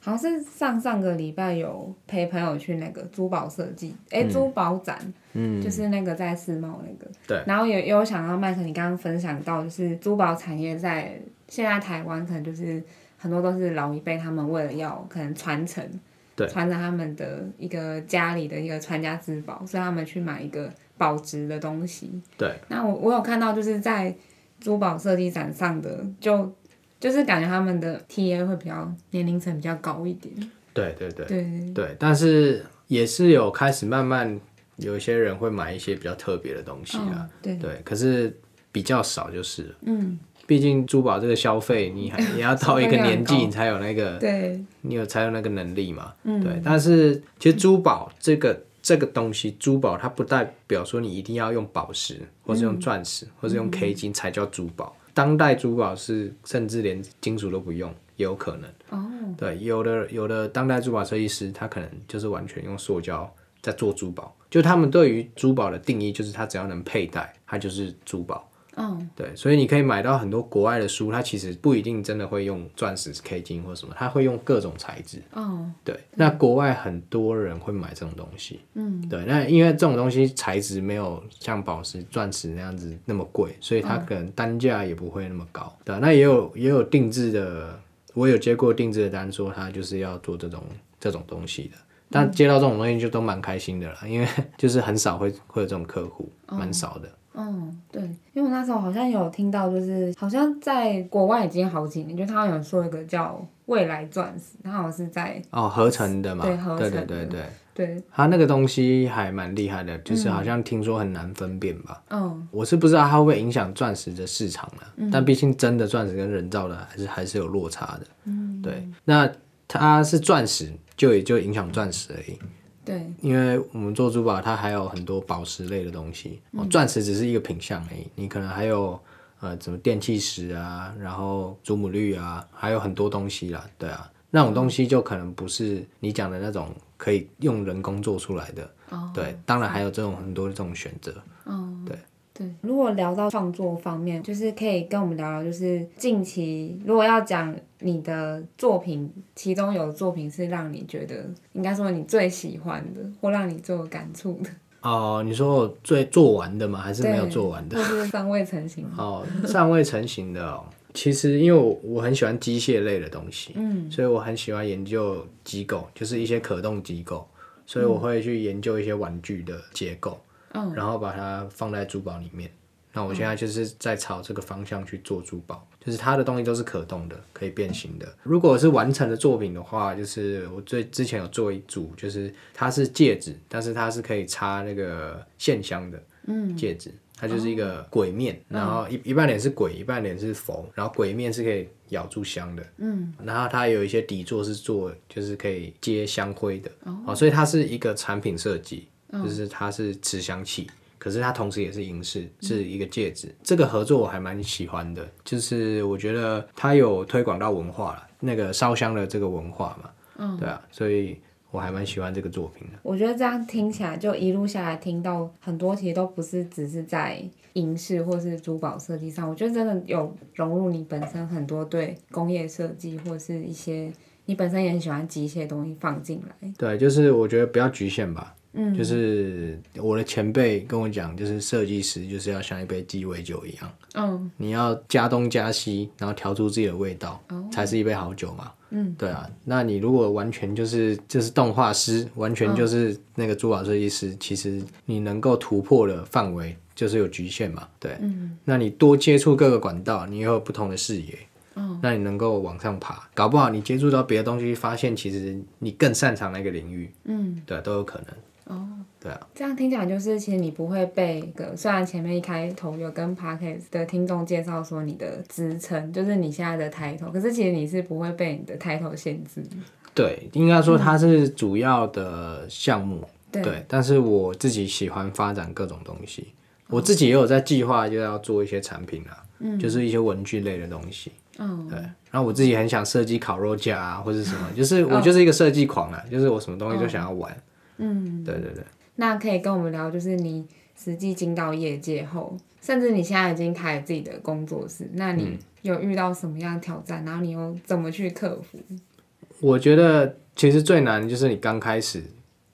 好像是上上個禮拜有陪朋友去那個珠寶設計，哎、嗯，珠寶展，嗯，就是那個在世貿那個，對。然後也有想到麥克，你剛剛分享到就是珠寶產業在。現在台灣可能就是很多都是老一輩，他們為了要可能傳承，傳對承他們的一個家裡的一個傳家之寶，所以他們去買一個保值的東西。對。那我我有看到就是在珠寶設計展上的，就就是感覺他們的 TA 會比較年齡層比較高一點。對對對。對對，但是也是有開始慢慢有一些人會買一些比較特別的東西啊、哦。對。對，可是比較少就是。嗯。畢竟珠寶這個消費，你還你要到一個年紀，你才有那個， 對你有才有那個能力嘛。嗯、對。但是其實珠寶這個、嗯、這個東西，珠寶它不代表說你一定要用寶石，或是用鑽石，嗯、或是用 K 金才叫珠寶。嗯、當代珠寶是，甚至連金屬都不用，也有可能。哦、對，有的有的當代珠寶設計師，他可能就是完全用塑膠在做珠寶。就他們對於珠寶的定義，就是它只要能佩戴，它就是珠寶。嗯，oh. 對，所以你可以買到很多國外的書，它其實不一定真的會用鑽石、K 金或什麼，它會用各種材質。嗯，oh. 對，那國外很多人會買這種東西。嗯，oh. 對，那因為這種東西材質沒有像寶石、鑽石那樣子那麼貴，所以它可能單價也不會那麼高。Oh. 對，那也有也有定制的，我有接過定制的單，說他就是要做這種這種東西的。但接到這種東西就都蠻開心的了，oh. 因為就是很少會會有這種客戶，蠻少的。嗯，oh, 對，因為我那時候好像有聽到，就是好像在國外已經好幾年，就他有說一個叫未來鑽石，他好像是在哦合成的嘛，對合成的對對對對，他對那個東西還蠻厲害的，就是好像聽說很難分辨吧。嗯，我是不知道它會不會影響鑽石的市場呢？啊？嗯、但畢竟真的鑽石跟人造的還是還是有落差的。嗯、對，那它是鑽石，就也就影響鑽石而已。對，因為我們做珠寶，它還有很多寶石類的東西。哦、嗯，鑽石只是一個品相而已，你可能還有呃，什麼電氣石啊，然後祖母綠啊，還有很多東西啦。對啊，那種東西就可能不是你講的那種可以用人工做出來的。哦、嗯，對，當然還有這種很多這種選擇。嗯、對。如果聊到創作方面，就是可以跟我們聊聊，就是近期如果要講你的作品，其中有作品是讓你覺得應該說你最喜歡的，或讓你最有感觸的。哦，你說我最做完的嗎？還是沒有做完的？或是尚未成型？哦，尚未成型的哦。 其實因為我我很喜歡機械類的東西，嗯，所以我很喜歡研究機構，就是一些可動機構，所以我會去研究一些玩具的結構。嗯嗯，oh. 然後把它放在珠寶裡面。那我現在就是在朝這個方向去做珠寶，oh. 就是它的東西都是可動的，可以變形的。如果是完成的作品的話，就是我最之前有做一組，就是它是戒指，但是它是可以插那個線香的。嗯，戒指，嗯、它就是一個鬼面，oh. 然後一一半臉是鬼，一半臉是佛，然後鬼面是可以咬住香的。嗯，然後它有一些底座是做，就是可以接香灰的。Oh. 哦，所以它是一個產品設計。就是它是持香器，可是它同時也是銀飾，是一個戒指。嗯、這個合作我還蠻喜歡的，就是我覺得它有推廣到文化了，那個燒香的這個文化嘛。嗯，對啊，所以我還蠻喜歡這個作品的。我覺得這樣聽起來，就一路下來聽到很多，其實都不是只是在銀飾或是珠寶設計上，我覺得真的有融入你本身很多對工業設計，或是一些你本身也很喜歡機械的東西放進來。對，就是我覺得不要局限吧。嗯，就是我的前輩跟我講，就是設計師就是要像一杯雞尾酒一樣，哦、你要加東加西，然後調出自己的味道，哦、才是一杯好酒嘛。嗯，對啊，那你如果完全就是就是動畫師，完全就是那個珠寶設計師，哦、其實你能夠突破的範圍就是有局限嘛。對，嗯，那你多接觸各個管道，你也有不同的視野，哦、那你能夠往上爬，搞不好你接觸到別的東西，發現其實你更擅長那個領域，嗯，對啊，都有可能。對啊，這樣聽講就是，其實你不會被一個雖然前面一開頭有跟 podcast 的聽眾介紹說你的職稱，就是你現在的 title，可是其實你是不會被你的 title 限制。對，應該說它是主要的項目。嗯、對，對但是我自己喜歡發展各種東西，對我自己也有在計劃就要做一些產品啊，嗯、就是一些文具類的東西。哦、嗯，對，然後我自己很想設計烤肉架啊，或者什麼， 嗯、就是我就是一個設計狂啊，就是我什麼東西都想要玩。嗯，對對對。那可以跟我們聊，就是你實際進到業界後，甚至你現在已經開了自己的工作室，那你有遇到什麼樣的挑戰？嗯、然後你又怎麼去克服？我覺得其實最難就是你剛開始，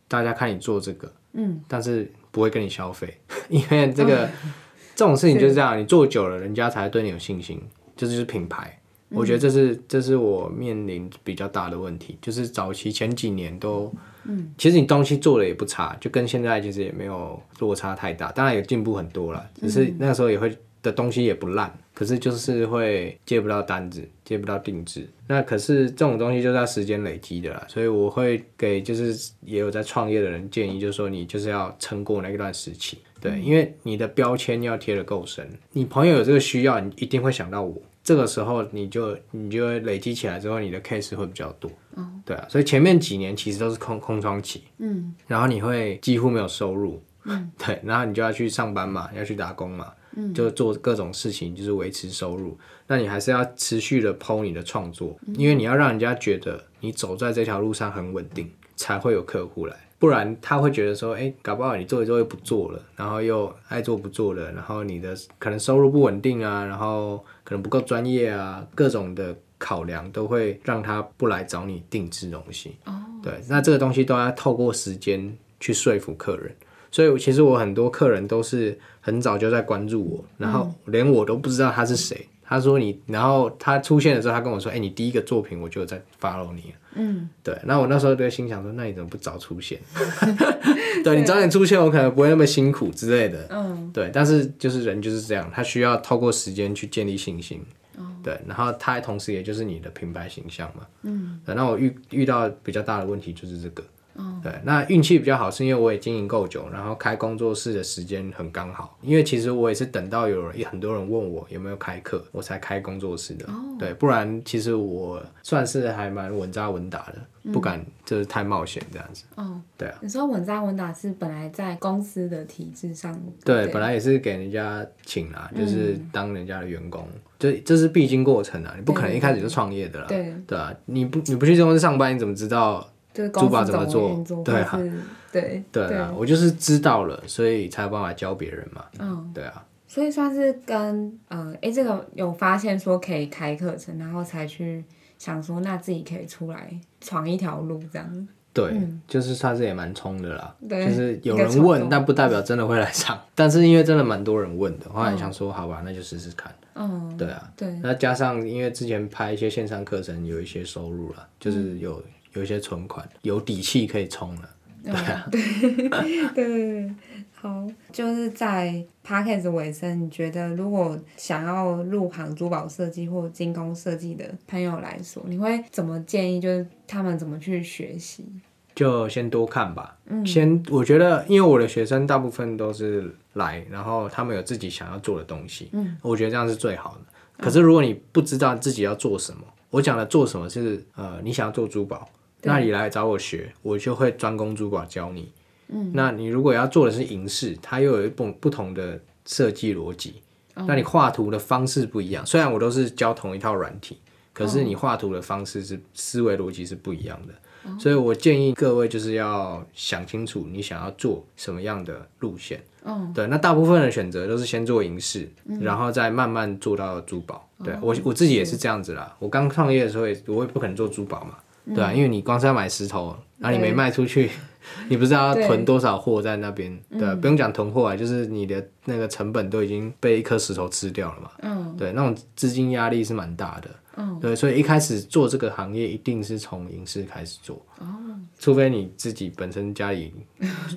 大家看你做這個，嗯，但是不會跟你消費，因為這個、嗯、這種事情就是這樣，是你做久了，人家才對你有信心，這就是品牌。我覺得這是、嗯、這是我面臨比較大的問題，就是早期前幾年都。嗯，其實你東西做的也不差，就跟現在其實也沒有落差太大，當然也進步很多了。只是那個時候也會的東西也不爛，可是就是會接不到單子，接不到定製。那可是這種東西就是要時間累積的啦，所以我會給就是也有在創業的人建議，就是說你就是要撐過那一段時期，對，因為你的標籤要貼得夠深，你朋友有這個需要，你一定會想到我。這個時候你就你就累積起來之後，你的 case 會比較多，oh. 對啊，所以前面幾年其實都是空空窗期，嗯、然後你會幾乎沒有收入，嗯、對，然後你就要去上班嘛，要去打工嘛，嗯、就做各種事情，就是維持收入。那你還是要持續的 PO 你的創作，嗯、因為你要讓人家覺得你走在這條路上很穩定，嗯、才會有客戶來，不然他會覺得說，哎、欸，搞不好你做一做又不做了，然後又愛做不做了，然後你的可能收入不穩定啊，然後。可能不夠專業啊，各種的考量都會讓他不來找你定製東西。Oh. 對，那這個東西都要透過時間去說服客人，所以其實我很多客人都是很早就在關注我，然後連我都不知道他是誰。他說你，然後他出現的時候，他跟我說：“哎、欸，你第一個作品我就在 follow 你、啊。”嗯，對。那我那時候就在心想說：“那你怎麼不早出現？” 對，你早點出現，我可能不會那麼辛苦之類的。嗯，對。但是就是人就是這樣，他需要透過時間去建立信心。哦、嗯，對。然後他同時也就是你的品牌形象嘛。嗯。那我遇遇到比較大的問題就是這個。Oh, 對，那運氣比較好，是因為我也經營夠久，然後開工作室的時間很剛好。因為其實我也是等到有人很多人問我有沒有開課，我才開工作室的。Oh. 對，不然其實我算是還蠻穩扎穩打的，嗯、不敢就是太冒險這樣子。Oh, 對啊。你說穩扎穩打是本來在公司的體制上的，對，對本來也是給人家請啊，就是當人家的員工，這、嗯、這是必經過程啊，你不可能一開始就創業的啦。對，對對啊，你不你不去這公司上班，你怎麼知道？珠寶怎麼做？對，對，對啊，我就是知道了，所以才有辦法教別人嘛。對啊。所以算是跟呃，哎，這個有發現說可以開課程，然後才去想說，那自己可以出來闖一條路這樣。對，就是算是也蠻衝的啦。對。就是有人問，但不代表真的會來上。但是因為真的蠻多人問的，後來想說，好吧，那就試試看。對啊。對。那加上，因為之前拍一些線上課程，有一些收入了，就是有。有一些存款，有底氣可以衝了。啊，對啊，嗯、對對對，好，就是在 podcast 尾聲，你覺得如果想要入行珠寶設計或金工設計的朋友來說，你會怎麼建議？就是他們怎麼去學習？就先多看吧，嗯，先我覺得，因為我的學生大部分都是來，然後他們有自己想要做的東西，嗯，我覺得這樣是最好的。可是如果你不知道自己要做什麼，嗯、我講的做什麼是呃，你想要做珠寶。那你來找我學，我就會專攻珠寶教你。嗯，那你如果要做的是銀飾，它又有一不不同的設計邏輯，嗯，那你畫圖的方式不一樣。雖然我都是教同一套軟體，可是你畫圖的方式是思維邏輯是不一樣的。嗯，所以，我建議各位就是要想清楚你想要做什麼樣的路線。嗯，對，那大部分的選擇都是先做銀飾，嗯，然後再慢慢做到珠寶。對，嗯，對，我我自己也是這樣子啦。我剛創業的時候也，我也不可能做珠寶嘛。對啊，因為你光是要買石頭，嗯、然後你沒賣出去，對 你不知道要囤多少貨在那邊，對，對、啊、不用講囤貨啊，就是你的那個成本都已經被一顆石頭吃掉了嘛。嗯，對，那種資金壓力是蠻大的。嗯，oh, okay. 對，所以一開始做這個行業一定是從銀飾開始做，oh, okay. 除非你自己本身家裡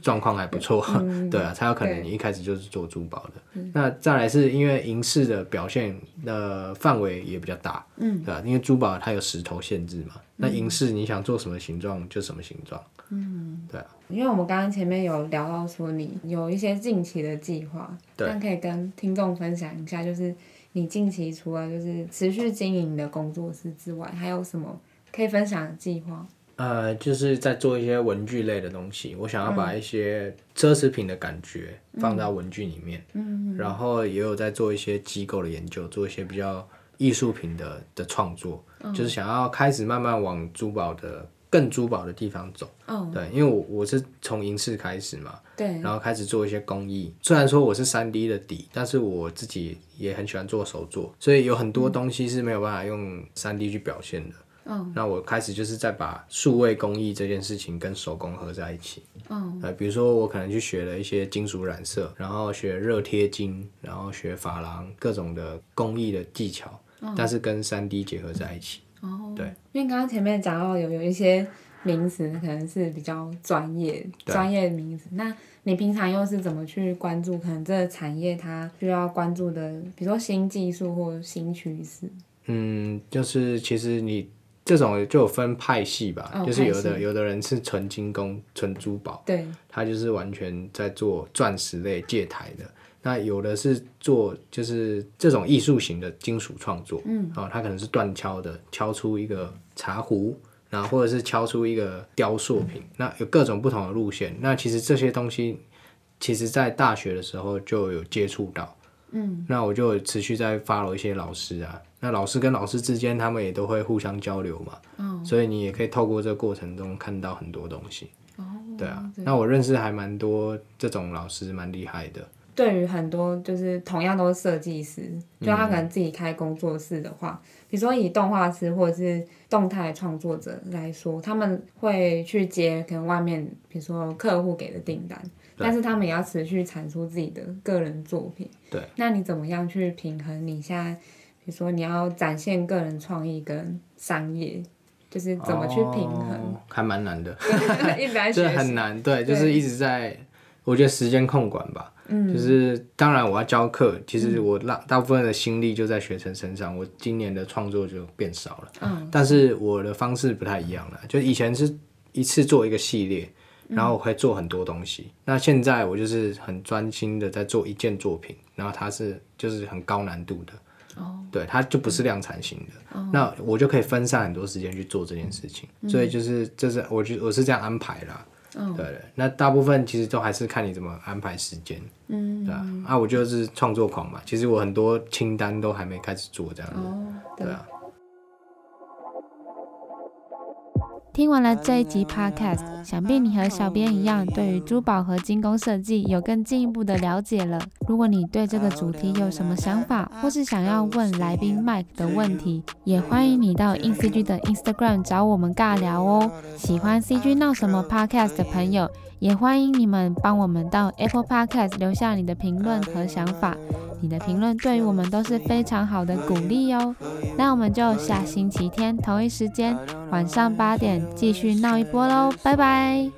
狀況還不錯，對，對，對啊，才有可能你一開始就是做珠寶的。那再來是因為銀飾的表現的範圍也比較大，嗯，對啊，因為珠寶它有石頭限制嘛，嗯，那銀飾你想做什麼形狀就什麼形狀，嗯，對啊。因為我們剛剛前面有聊到說你有一些近期的計劃，對，那可以跟聽眾分享一下，就是。你近期除了就是持續經營的工作室之外，還有什麼可以分享的計劃？呃，就是在做一些文具類的東西，我想要把一些奢侈品的感覺放到文具裡面，嗯，然後也有在做一些機構的研究，做一些比較藝術品的的創作，嗯，就是想要開始慢慢往珠寶的。更珠寶的地方走，oh. 對，因為我我是從銀飾開始嘛，對，然後開始做一些工藝。雖然說我是三 D 的底，但是我自己也很喜歡做手作，所以有很多東西是沒有辦法用三 D 去表現的。嗯，oh. 那我開始就是在把數位工藝這件事情跟手工合在一起。嗯，呃，比如說我可能去學了一些金屬染色，然後學熱貼金，然後學珐琅各種的工藝的技巧，oh. 但是跟三 D 結合在一起。哦，oh, 對因為剛剛前面講到有有一些名詞可能是比較專業，專對業的名詞。那你平常又是怎麼去關注？可能這個產業它需要關注的，比如說新技術或新趨勢。嗯，就是其實你這種就有分派系吧，oh, 就是有的系有的人是純金工、純珠寶，對，他就是完全在做鑽石類戒台的。那有的是做就是這種藝術型的金屬創作，嗯，啊、哦，他可能是鍛敲的，敲出一個茶壺，然後或者是敲出一個雕塑品，嗯、那有各種不同的路線。那其實這些東西，其實在大學的時候就有接觸到，嗯，那我就持續在 follow 一些老師啊，那老師跟老師之間，他們也都會互相交流嘛，嗯、哦，所以你也可以透過這個過程中看到很多東西，哦，對啊，對，那我認識還蠻多這種老師，蠻厲害的。對於很多就是同樣都是設計師，就他可能自己開工作室的話，嗯、比如說以動畫師或者是動態創作者來說，他們會去接可能外面比如說客戶給的訂單，對但是他們也要持續產出自己的個人作品。對，那你怎麼樣去平衡你現在，比如說你要展現個人創意跟商業，就是怎麼去平衡？哦、還蠻難的， 一直在學習，很難，對，對就是一直在，我覺得時間控管吧。嗯、就是當然我要教課，其實我大部分的心力就在學生身上。嗯、我今年的創作就變少了，哦、但是我的方式不太一樣了。嗯、就以前是一次做一個系列，然後我會做很多東西。嗯、那現在我就是很專心的在做一件作品，然後它是就是很高難度的，哦、對，它就不是量產型的，嗯、那我就可以分散很多時間去做這件事情。嗯、所以就是這、就是我我是這樣安排啦。Oh. 對了，那大部分其實都還是看你怎麼安排時間，嗯、mm，hmm. 對吧？啊，我就是創作狂嘛，其實我很多清單都還沒開始做，這樣子，oh, 對啊了。對聽完了這一集 podcast，想必你和小編一樣，對於珠寶和金工設計有更進一步的了解了。如果你對這個主題有什麼想法，或是想要問來賓 Mike 的問題，也歡迎你到 InCG 的 Instagram 找我們尬聊哦。喜歡 CG 鬧什麼 podcast 的朋友，也歡迎你們幫我們到 Apple Podcast 留下你的評論和想法。你的評論對於我們都是非常好的鼓勵喲、哦。那我們就下星期天同一時間。晚上八點繼續鬧一波嘍，拜拜。